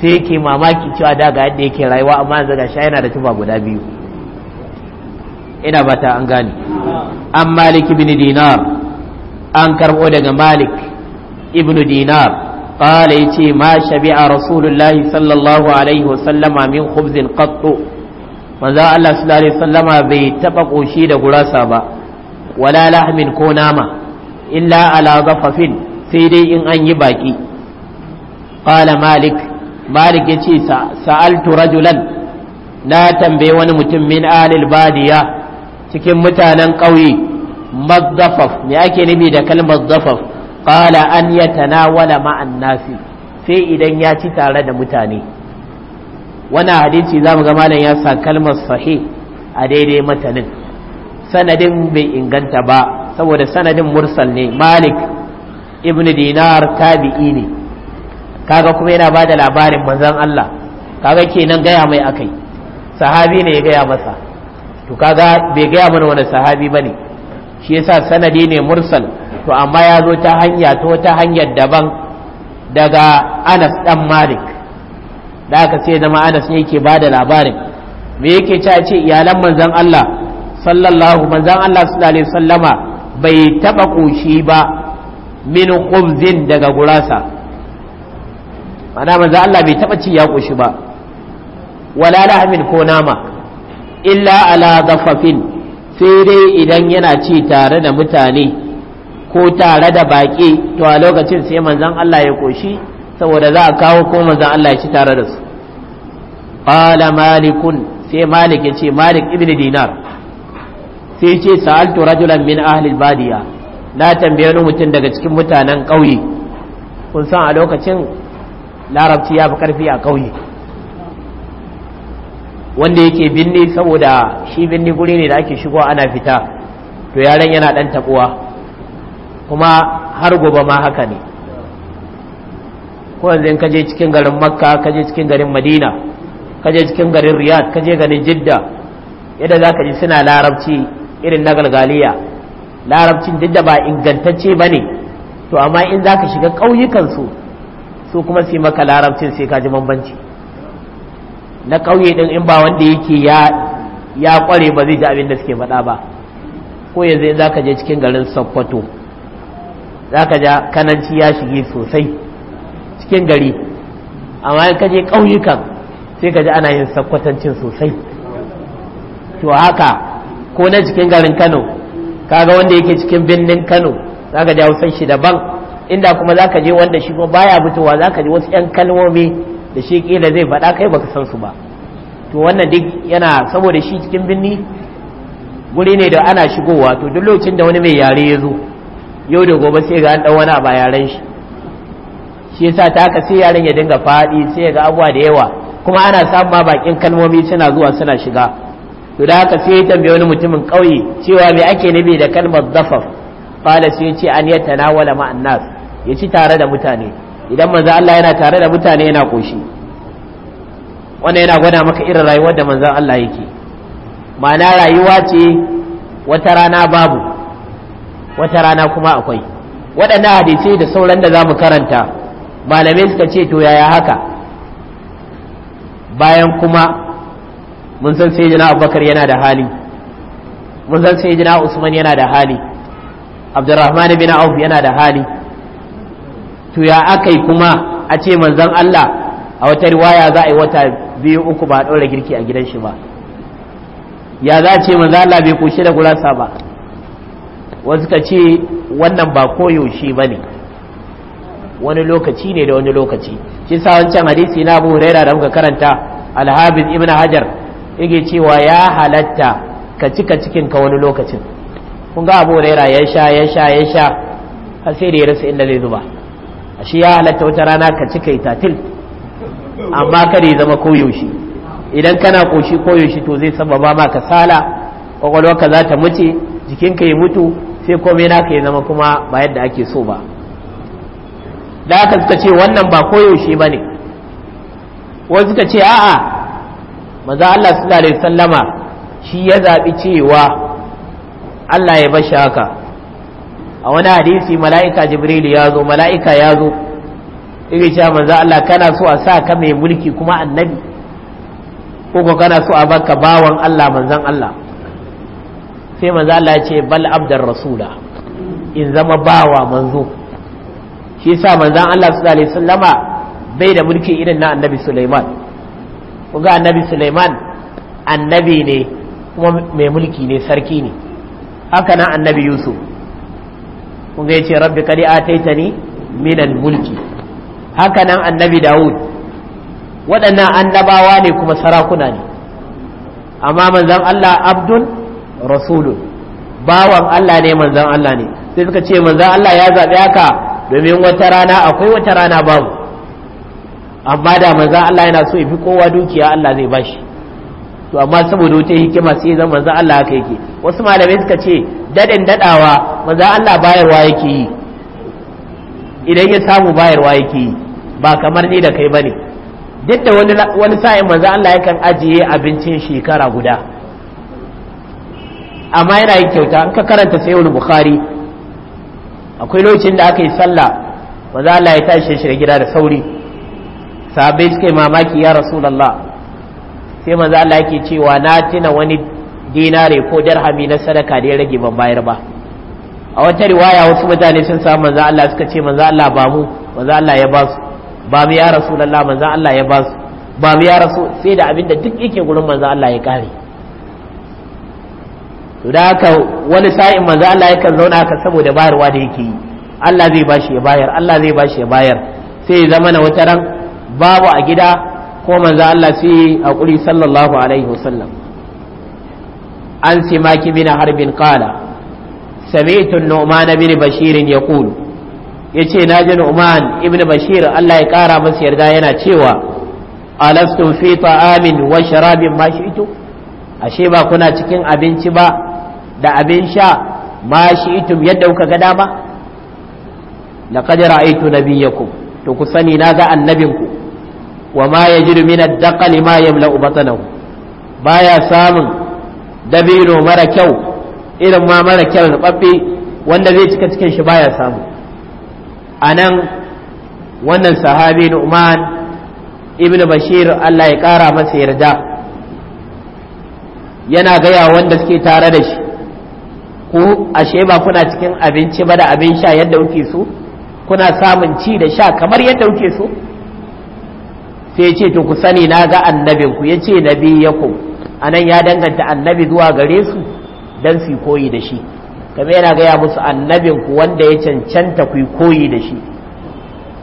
sai ke mamaki cewa da ga yadda yake rayuwa amma yanzu shi yana da tufa guda biyu ina ba ta an gane an malik ibn dinar an karɓo daga malik ibn dinar قال يتي ما شبع رسول الله صلى الله عليه وسلم من خبز قط manzo Allah sallallahu alaihi wasallama bai taba koshi da gurasa ba wala lahmin ko nama illa ala gafafin sai dai in an yi baki qala malik malik yace sa'altu rajulan na tambaye wani mutum min alil badiya cikin mutanen ƙauye mazdafaf me ake nufi da kalmar zafaf qala an yatanawala ma'an nasi sai idan ya ci tare da mutane wannan hadisi za mu ga malam ya sa kalmar sahih a daidai matanin sanadin bai inganta ba saboda sanadin mursal ne malik ibn dinar tabi'i ne kaga kuma yana ba da labarin manzon Allah kaga kenan gaya mai akai sahabi ne ya gaya masa to kaga bai gaya mana wani sahabi bane shi yasa sanadi ne mursal to amma ya zo ta hanya ta hanyar daban daga Anas dan Malik da aka sai zama anas ne yake ba da labarin me yake cewa ce iyalan manzan Allah sallallahu manzan Allah sallallahu alaihi wasallama bai taba koshi ba min khubzin daga gurasa mana manzan Allah bai taba ci ya koshi ba wala lahamin ko nama illa ala dafafin sai dai idan yana ci tare da mutane ko tare da baƙi to a lokacin sai manzan Allah ya koshi saboda za a kawo ko manzon Allah ya ci tare da su qala malikun sai malik ya ce malik ibn dinar sai ce sa'altu rajulan min ahli badiya na tambaye ni mutum daga cikin mutanen ƙauye kun san a lokacin larabci ya fi karfi a ƙauye wanda yake binne saboda shi binne guri ne da ake shigo ana fita to yaran yana ɗan taɓuwa kuma har gobe ma haka ne ko yanzu in kaje cikin garin makka kaje cikin garin madina kaje cikin garin riyad kaje garin jidda yadda za ka ji suna larabci irin na galgaliya larabcin jidda ba ingantacce ba ne to amma in za ka shiga ƙauyukansu su kuma su maka larabcin sai ka ji bambanci na ƙauye ɗin in ba wanda yake ya ƙware ba zai ji abin da suke faɗa ba ko yanzu in za ka je cikin garin sokoto za ka ja kananci ya shige sosai cikin gari amma in kaje ƙauyukan sai ka ji ana yin sakwatancin sosai to haka ko na cikin garin kano kaga wanda yake cikin birnin kano za ka ji hausar shi daban inda kuma za ka je wanda shi kuma baya fitowa za ka ji wasu 'yan kalmomi da shi kila zai faɗa kai baka san su ba to wannan duk yana saboda shi cikin birni guri ne da ana shigowa to duk lokacin da wani mai yare ya zo yau da gobe sai ga an dan wani a yaren shi shi yasa ta haka sai yaron ya dinga faɗi sai ya ga abuwa da yawa kuma ana samun ma bakin kalmomi suna zuwa suna shiga to da haka sai ya tambaye wani mutumin ƙauye cewa me ake nabi da kalmar zafaf qala sai ya ce an yatanawala ma'an nas ya ci tare da mutane idan manzo Allah yana tare da mutane yana koshi wannan yana gwada maka irin rayuwar da manzo Allah yake ma'ana rayuwa ce wata rana babu wata rana kuma akwai waɗannan hadisai da sauran da za mu karanta malamai suka ce to yaya haka bayan kuma mun san sai jina abubakar yana da hali mun san sai jina usman yana da hali abdurrahman bin auf yana da hali to ya aka kuma a ce manzon allah a wata riwaya za a yi wata biyu uku ba a girki a gidan shi ba ya za ce manzon allah bai kushe da gurasa ba wasu ka ce wannan ba koyaushe ba ne wani lokaci ne da wani lokaci shi sa wancan hadisi na Abu raira da muka karanta alhabib Ibn Hajar yake cewa ya halatta ka cika cikin ka wani lokacin kun ga Abu Hurairah ya sha ya sha ya sha har sai da ya rasa inda zai zuba shi ya halatta wata rana ka cika itatil amma kada ya zama koyaushe idan kana koshi koyaushe to zai sababa ma kasala ka za ta mace jikinka ya mutu sai komai naka ya zama kuma ba yadda ake so ba da aka suka ce wannan ba koyaushe ba ne wasu suka ce a'a maza Allah su zare sallama shi ya zaɓi cewa Allah ya bashi haka a wani hadisi mala'ika jibril ya zo mala'ika ya zo iri cewa maza Allah kana so a sa ka mai mulki kuma annabi ko ko kana so a baka bawan Allah manzan Allah sai maza Allah ya ce bal abdar rasula in zama bawa manzo shi yasa manzon Allah sallallahu alaihi wasallama bai da mulki irin na annabi Sulaiman kuga annabi Sulaiman annabi ne kuma mai mulki ne sarki ne haka nan annabi Yusuf kuga yace rabbi qad ataitani minal mulki haka nan annabi Dawud waɗannan annabawa ne kuma sarakuna ne amma manzon Allah abdun rasulun bawan Allah ne manzon Allah ne sai suka ce manzon Allah ya zaɓi haka domin wata rana akwai wata rana babu amma da manzan Allah yana so ifi kowa dukiya Allah zai bashi to amma saboda wata hikima sai zan manzan Allah haka yake wasu malamai suka ce dadin dadawa manzan Allah bayarwa yake yi idan ya samu bayarwa yake yi ba kamar ni da kai bane duk da wani sa'in manzan Allah yakan ajiye abincin shekara guda amma yana yi kyauta in ka karanta sayyidul bukhari akwai lokacin da aka yi sallah maza Allah ya tashi da gida da sauri sabai suka yi mamaki ya rasulallah sai maza Allah yake cewa na tuna wani dinare ko darhami na sadaka da ya rage ban bayar ba a wata riwaya wasu mutane sun samu maza Allah suka ce maza Allah ba mu maza Allah ya ba su ba mu ya rasulallah maza Allah ya ba su ba mu ya rasu sai da abinda duk yake gurin maza Allah ya kare to da haka wani sa'in manzo Allah yakan zauna ka saboda bayarwa da yake yi Allah zai bashi ya bayar Allah zai bashi ya bayar sai ya zama na wata ran babu a gida ko manzo Allah sai hakuri sallallahu alaihi wasallam an maki bin harbin qala sami'tu nu'man bin bashir yaqul yace ji nu'man ibn bashir Allah ya kara masa yarda yana cewa alastu fi ta'amin wa sharabin ma shi'tu ashe ba kuna cikin abinci ba da abin sha ma shi itum yadda kuka ga dama laqad ra'aytu nabiyyakum to ku sani na ga annabinku wa ma yajidu min ad-daqali ma yamla'u batnahu baya samun dabino mara kyau irin ma mara kyau rubabbe wanda zai cika cikin shi baya samu anan wannan sahabi Nu'man Ibn Bashir Allah ya kara masa yarda yana gaya wanda suke tare da shi ku ashe ba kuna cikin abinci ba da abin sha yadda kuke so kuna samun ci da sha kamar yadda kuke so sai ya ce to ku sani na ga annabin ku ya ce nabi ya ku anan ya danganta annabi zuwa gare su dan su koyi da shi kamar yana gaya musu annabin ku wanda ya cancanta ku koyi da shi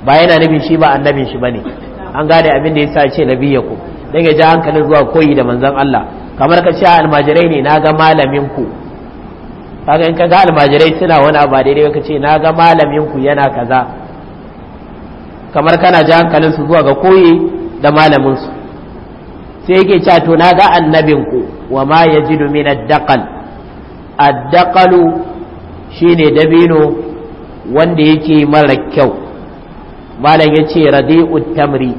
ba yana nufin shi ba annabin shi bane an gane abin da yasa ce nabi ya ku dan ya ja hankalin zuwa koyi da manzon Allah kamar ka ce almajirai ne na ga malamin ku kaga in kaga almajirai suna wani abu daidai ka ce na ga malamin ku yana kaza kamar kana ji hankalin su zuwa ga koyi da malamin su sai yake cewa to na ga annabin ku wa ma yajidu min ad-daqal ad-daqalu shine dabino wanda yake mara kyau malam yace radi'ut tamri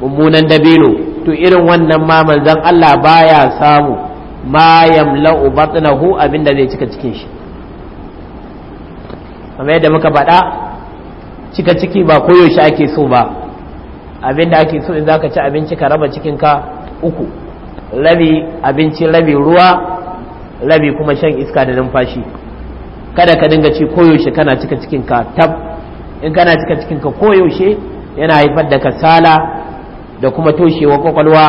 mummunan dabino to irin wannan ma manzon Allah baya samu ma yamla'u batnahu abinda zai cika cikin shi kamar yadda muka faɗa cika ciki ba koyaushe ake so ba abinda ake so in zaka ci abinci ka raba cikinka uku rabi abinci rabi ruwa rabi kuma shan iska da numfashi kada ka dinga ci koyaushe kana cika cikinka tab in kana cika cikinka koyaushe yana haifar da kasala da kuma toshewa kwakwalwa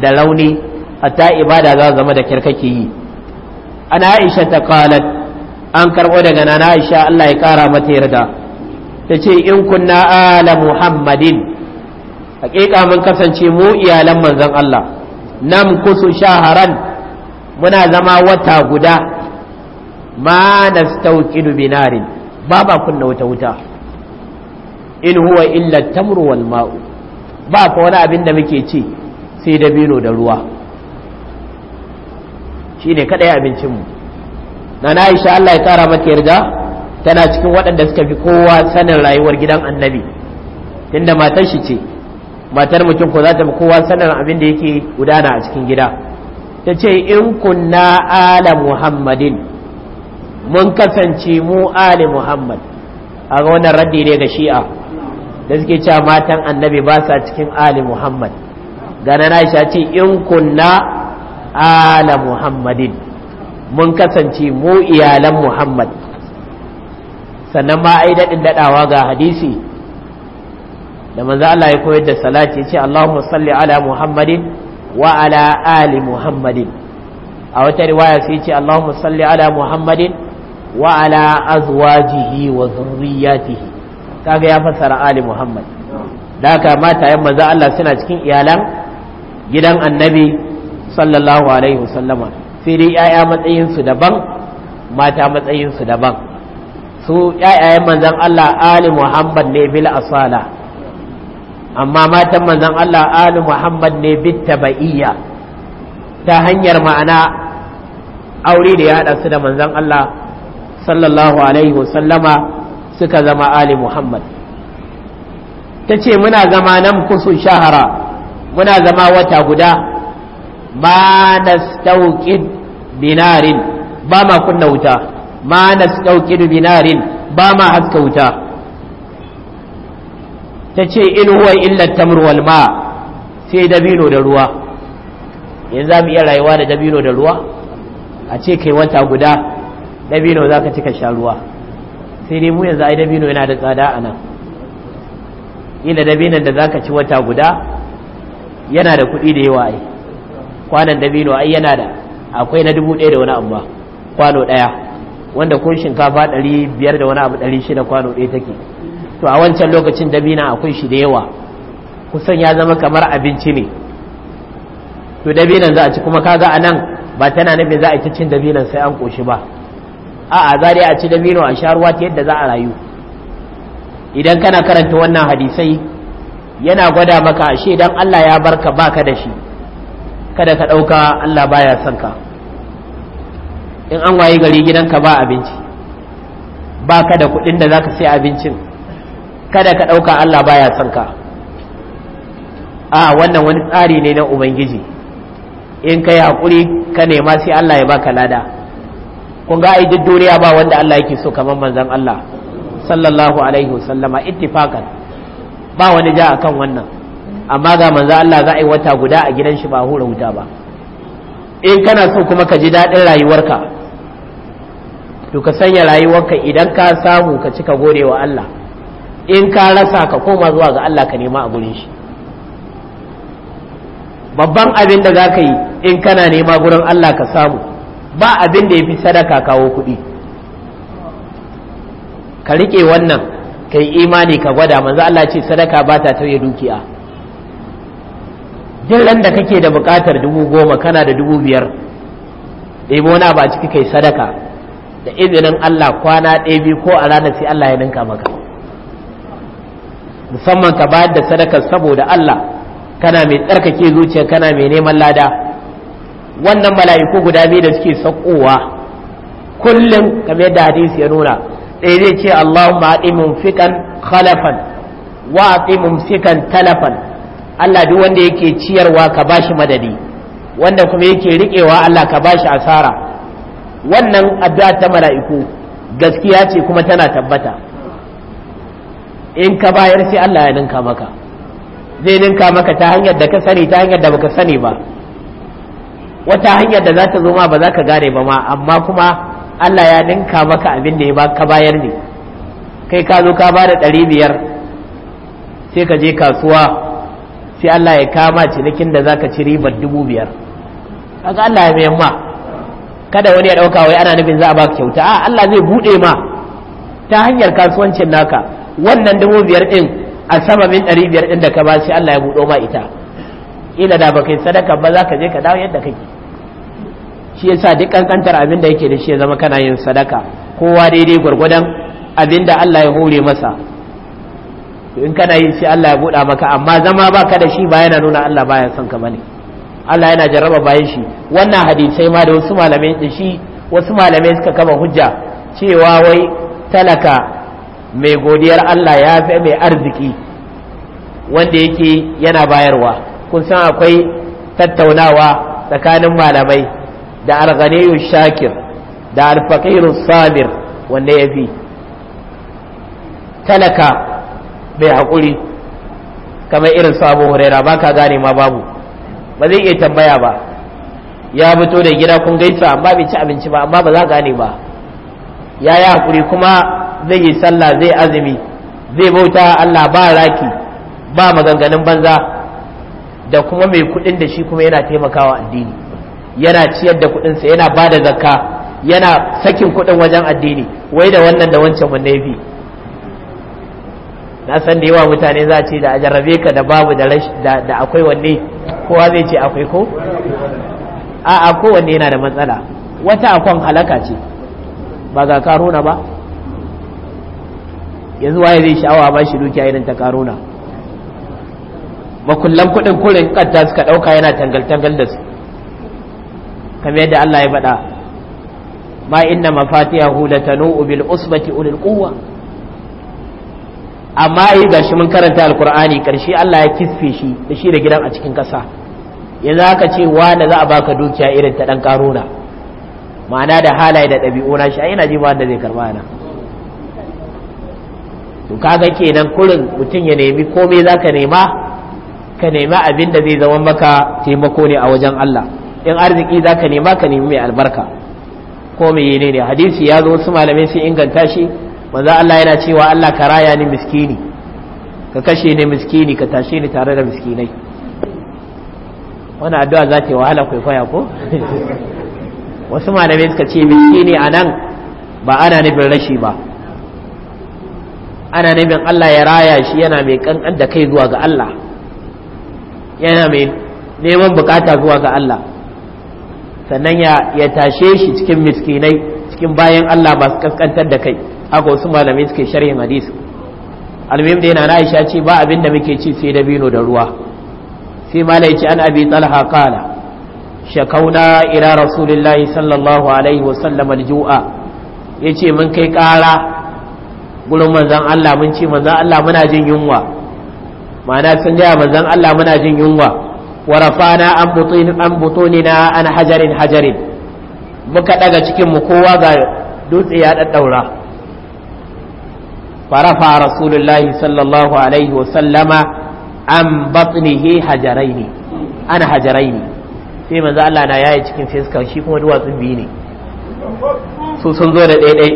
da launi. hatta ibada za zama da kyar kake yi ana aisha ta kalat an karɓo daga nana aisha Allah ya kara mata yarda Ta ce in kunna ala muhammadin hakika mun kasance mu iyalan manzon Allah nam kusu shaharan muna zama wata guda ma nastauqidu binarin baba kunna wata wuta in huwa illa tamru wal ma'u ba fa wani abin da muke ci sai dabino da ruwa shine kadai abincin mu na na Aisha Allah ya kara mata yarda tana cikin waɗanda suka fi kowa sanin rayuwar gidan annabi tunda matar shi ce matar mutum ko za ta fi kowa sanin abin da yake gudana a cikin gida ta ce in kunna ala muhammadin mun kasance mu ali muhammad a ga wannan raddi ne ga shi'a da suke cewa matan annabi ba sa cikin ali muhammad gana na ce in kunna ala muhammadin mun kasance mu iyalan muhammad sannan ma ai daɗin daɗawa ga hadisi da manzo Allah ya koyar da salati ya ce Allahumma salli ala muhammadin wa ala ali muhammadin a wata riwaya sai ce Allahumma salli ala muhammadin wa ala azwajihi wa zurriyatihi kaga ya fassara ali muhammad da haka mata yan manzo Allah suna cikin iyalan gidan annabi sallallahu alaihi wasallama sai dai yaya matsayinsu daban mata matsayinsu su daban su yayayen manzon Allah ali Muhammad ne bil asala amma matan manzon Allah ali Muhammad ne bit tabaiyya ta hanyar ma'ana aure da ya hada su da manzon Allah sallallahu alaihi wasallama suka zama ali Muhammad ta ce muna zama nan kusu shahara muna zama wata guda ma nastauqid binarin ba ma kunna wuta ma nastauqid binarin ba ma haska wuta tace in huwa illa tamr wal ma sai dabino da ruwa yanzu za mu iya rayuwa da dabino da ruwa a ce kai wata guda dabino za ka cika sha ruwa sai dai mu yanzu ai dabino yana da tsada a nan ila dabinan da za ka ci wata guda yana da kuɗi da yawa ai kwanan dabino ai yana da akwai na dubu ɗaya da wani abu ba kwano ɗaya wanda kun shinkafa ɗari biyar da wani abu ɗari shida kwano ɗaya take to a wancan lokacin dabina akwai shi da yawa kusan ya zama kamar abinci ne to dabinan za a ci kuma kaga a nan ba tana nufin za a ci cin dabinan sai an ƙoshi ba a'a za a ci dabino a sha ruwa ta yadda za a rayu idan kana karanta wannan hadisai yana gwada maka ashe dan Allah ya barka baka da shi kada ka ɗauka Allah baya son ka in an wayi gari gidanka ba abinci ba ka da kuɗin da za ka sai abincin kada ka ɗauka Allah baya son ka a wannan wani tsari ne na ubangiji in ka yi haƙuri ka nema sai Allah ya baka lada kun ga ai duk duniya ba wanda Allah yake so kamar manzon Allah sallallahu alaihi wasallama ittifaqan ba wani ja akan wannan amma ga manzo Allah za a yi wata guda a gidan shi ba hura wuta ba in kana so kuma ka ji daɗin rayuwarka to ka sanya rayuwarka idan ka samu ka cika gode wa Allah in ka rasa ka koma zuwa ga Allah ka nema a gurin shi babban abin da za ka yi in kana nema gurin Allah ka samu ba abin da ya fi sadaka kawo kuɗi ka riƙe wannan ka yi imani ka gwada manzo Allah ce sadaka ba ta tauye dukiya duk ran da kake da buƙatar dubu goma kana da dubu biyar ɗebo wani ba ciki kai sadaka da izinin Allah kwana ɗaya biyu ko a ranar sai Allah ya ninka maka musamman ka bayar da sadakar saboda Allah kana mai tsarkake zuciya kana mai neman lada wannan mala'iku guda biyu da suke sakowa kullum kamar yadda hadisi ya nuna ɗaya zai ce Allahumma aɗi mumfikan khalafan wa aɗi talafan Allah duk wanda yake ciyarwa ka bashi madadi wanda kuma yake riƙewa Allah ka bashi asara wannan addu'a ta mala'iku gaskiya ce kuma tana tabbata in ka bayar sai Allah ya ninka maka zai ninka maka ta hanyar da ka sani ta hanyar da baka sani ba wata hanyar da za ta zo ma ba za ka gane ba ma amma kuma Allah ya ninka maka abin da ya ba ka bayar ne kai ka zo ka ba da ɗari biyar sai ka je kasuwa sai Allah ya kama cinikin da zaka ci ribar dubu biyar kaga Allah ya mayan kada wani ya dauka wai ana nufin za a baka kyauta a Allah zai bude ma ta hanyar kasuwancin naka wannan dubu biyar din a sama bin ɗari biyar din da ka ba shi Allah ya buɗo ma ita ila da baka yi sadaka ba zaka je ka dawo yadda kake shi yasa duk kankantar abin da yake da shi ya zama kana yin sadaka kowa daidai gwargwadon abin da Allah ya hore masa to in kana yin sai Allah ya buɗa maka amma zama ba ka da shi ba yana nuna Allah baya son ka bane Allah yana jarraba bayan shi wannan hadisai ma da wasu malamai da shi wasu malamai suka kama hujja cewa wai talaka mai godiyar Allah ya fi mai arziki wanda yake yana bayarwa kun san akwai tattaunawa tsakanin malamai da alghaniyu shakir da alfaqiru sabir wanda yafi talaka mai haƙuri kamar irin sabon abu huraira ba ka gane ma babu ba zai iya tambaya ba ya fito da gida kun gaisa amma bai ci abinci ba amma ba za gane ba ya yi haƙuri kuma zai yi sallah zai azumi zai bauta Allah ba raki ba maganganun banza da kuma mai kuɗin da shi kuma yana taimakawa addini yana ciyar da kuɗinsa yana ba da zakka yana sakin kuɗin wajen addini wai da wannan da wancan wanne na san da yawa mutane za ce da a jarrabe ka da babu da akwai wanne kowa zai ce akwai ko a a wanne yana da matsala wata akwan halaka ce ba ga karuna ba yanzu waye zai sha'awa ba shi dukiya irin ta karuna makullan kudin kurin kanta suka dauka yana tangal-tangal da su kamar yadda Allah ya faɗa ma inna mafatihahu latanu bil usbati ulil quwwa amma yi shi mun karanta alkur'ani karshe Allah ya kisfe shi da shi da gidan a cikin ƙasa yanzu aka ce wanda za a baka dukiya irin ta dan karuna ma'ana da halaye da ɗabi'u na shi ai ina ji wanda zai karba na to kaga kenan kurin mutum ya nemi komai zaka nema ka nema abin da zai zama maka taimako ne a wajen Allah in arziki zaka nema ka nemi mai albarka ko mai ne hadisi ya zo wasu malamai sun inganta shi manzo Allah yana cewa Allah ka raya ni miskini ka kashe ni miskini ka tashe ni tare da miskinai wani addu'a za ta wahala kwaikwaya ko wasu malamai suka ce miskini a nan ba ana nufin rashi ba ana nufin Allah ya raya shi yana mai kankan da kai zuwa ga Allah yana mai neman bukata zuwa ga Allah sannan ya tashe shi cikin miskinai cikin bayan Allah ba su kaskantar da kai aka wasu malamai suke sharhin hadis almuhim da yana Aisha ce ba abin da muke ci sai dabino da ruwa sai malai ce an abi talha kala shakauna ila rasulillahi sallallahu alaihi wa sallam aljua yace mun kai ƙara gurin manzon Allah mun ce manzon Allah muna jin yunwa ma'ana sun ga manzon Allah muna jin yunwa rafana an بطون an butunina an hajarin hajarin. muka daga cikin mu kowa ga dutse ya daddaura فرفع رسول الله صلى الله عليه وسلم عن بطنه حجرين انا حجرين sai manzo Allah na yayi cikin fiska shi kuma duwatsun biyu ne su sun zo da ɗaiɗai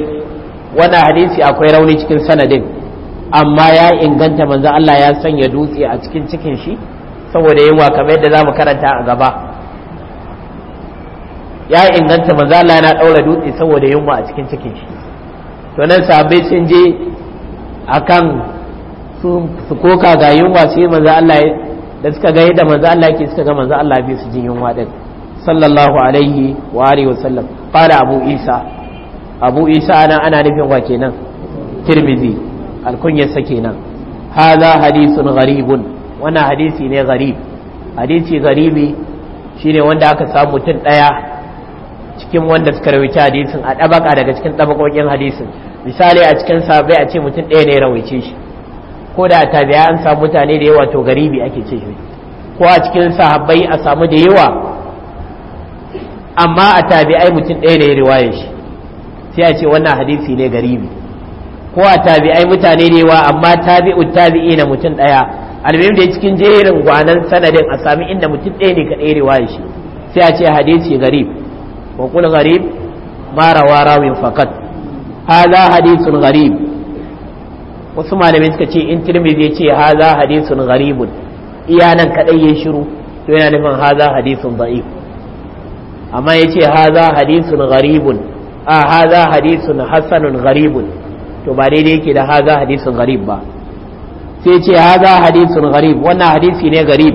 wannan hadisi akwai rauni cikin sanadin amma ya inganta manzo Allah ya sanya dutse a cikin cikin shi saboda yunwa kamar yadda zamu karanta a gaba ya inganta manzo Allah yana daura dutse saboda yunwa a cikin cikin shi to nan sabai sun je akan su su koka ga yunwa sai manzo Allah da suka ga yadda manzo Allah yake suka ga manzo Allah bai su jin yunwa din sallallahu alaihi wa alihi wasallam qala abu isa abu isa nan ana nufin wa kenan tirmidhi alkunya sake nan hadha hadithun gharibun wannan hadisi ne gharib hadisi gharibi shine wanda aka samu mutum daya cikin wanda suka rawaita hadisin a dabaka daga cikin dabakokin hadisin misali a cikin sabai a ce mutum ɗaya ne rawaice shi ko da ta biya an samu mutane da yawa to garibi ake ce shi ko a cikin sahabbai a samu da yawa amma a tabi'ai mutum ɗaya ne riwayar shi sai a ce wannan hadisi ne garibi ko a tabi'ai mutane da yawa amma tabi'u tabi'i na mutum ɗaya almuhim da cikin jerin gwanan sanadin a sami inda mutum ɗaya ne kaɗai riwayar shi sai a ce hadisi garib wa kul garib ma rawa rawin fakat haza hadisun gharib wasu malamai suka ce in tirmidhi ya ce haza hadisun gharibun iya nan kadai ya shiru to yana nufin haza hadisun da'if amma ya ce haza hadisun gharibun a haza hadisun hasanun gharibun to ba daidai yake da haza hadisun gharib ba sai ce haza hadisun gharib wannan hadisi ne gharib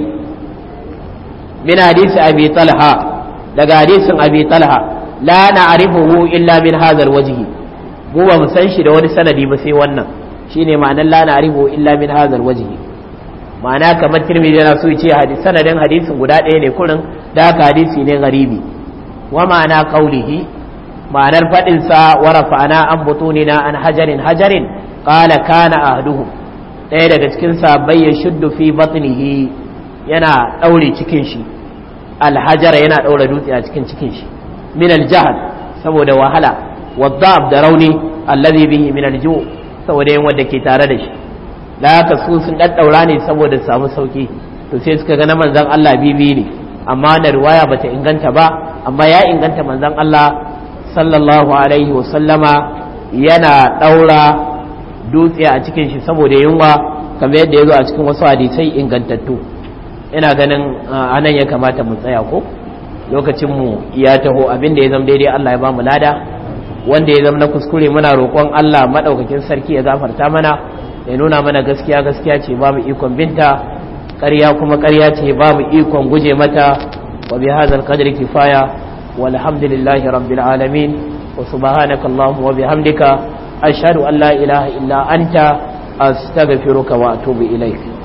min hadisi abi talha daga hadisin abi talha la na na'rifuhu illa min hadha wajihi. mu ba mu san shi da wani sanadi ba sai wannan shine ma'anar la na'rifu illa min hazal wajhi ma'ana kamar tirmidhi yana so yace hadisi sanadin hadisin guda ɗaya ne kurin da ka hadisi ne garibi wa ma'ana qaulihi ma'anar fadin sa wa rafa'ana an butunina an hajarin hajarin qala kana ahduhum ɗaya daga cikin sahabbai ya shuddu fi batnihi yana daure cikin shi alhajara yana daura dutse a cikin cikin shi min aljahal saboda wahala wadda da rauni allazi bihi min alju saboda yin wadda ke tare da shi da haka su sun daddaura ne saboda samu sauki to sai suka ga na manzan Allah bibi ne amma na riwaya bata inganta ba amma ya inganta manzon Allah sallallahu alaihi wa sallama yana ɗaura dutse a cikin shi saboda yunwa kamar yadda ya zo a cikin wasu hadisai ingantattu ina ganin anan ya kamata mu tsaya ko lokacin mu ya taho abin da ya zama daidai Allah ya ba mu lada wanda ya zama na kuskure muna roƙon Allah maɗaukakin sarki ya zafarta mana ya nuna mana gaskiya gaskiya ce babu ikon binta ƙarya kuma ƙarya ce babu ikon guje mata wa bi hadzal qadri kifaya walhamdulillahi rabbil alamin wa subhanaka allahumma wa bihamdika ashhadu an la ilaha illa anta astaghfiruka wa atubu ilayk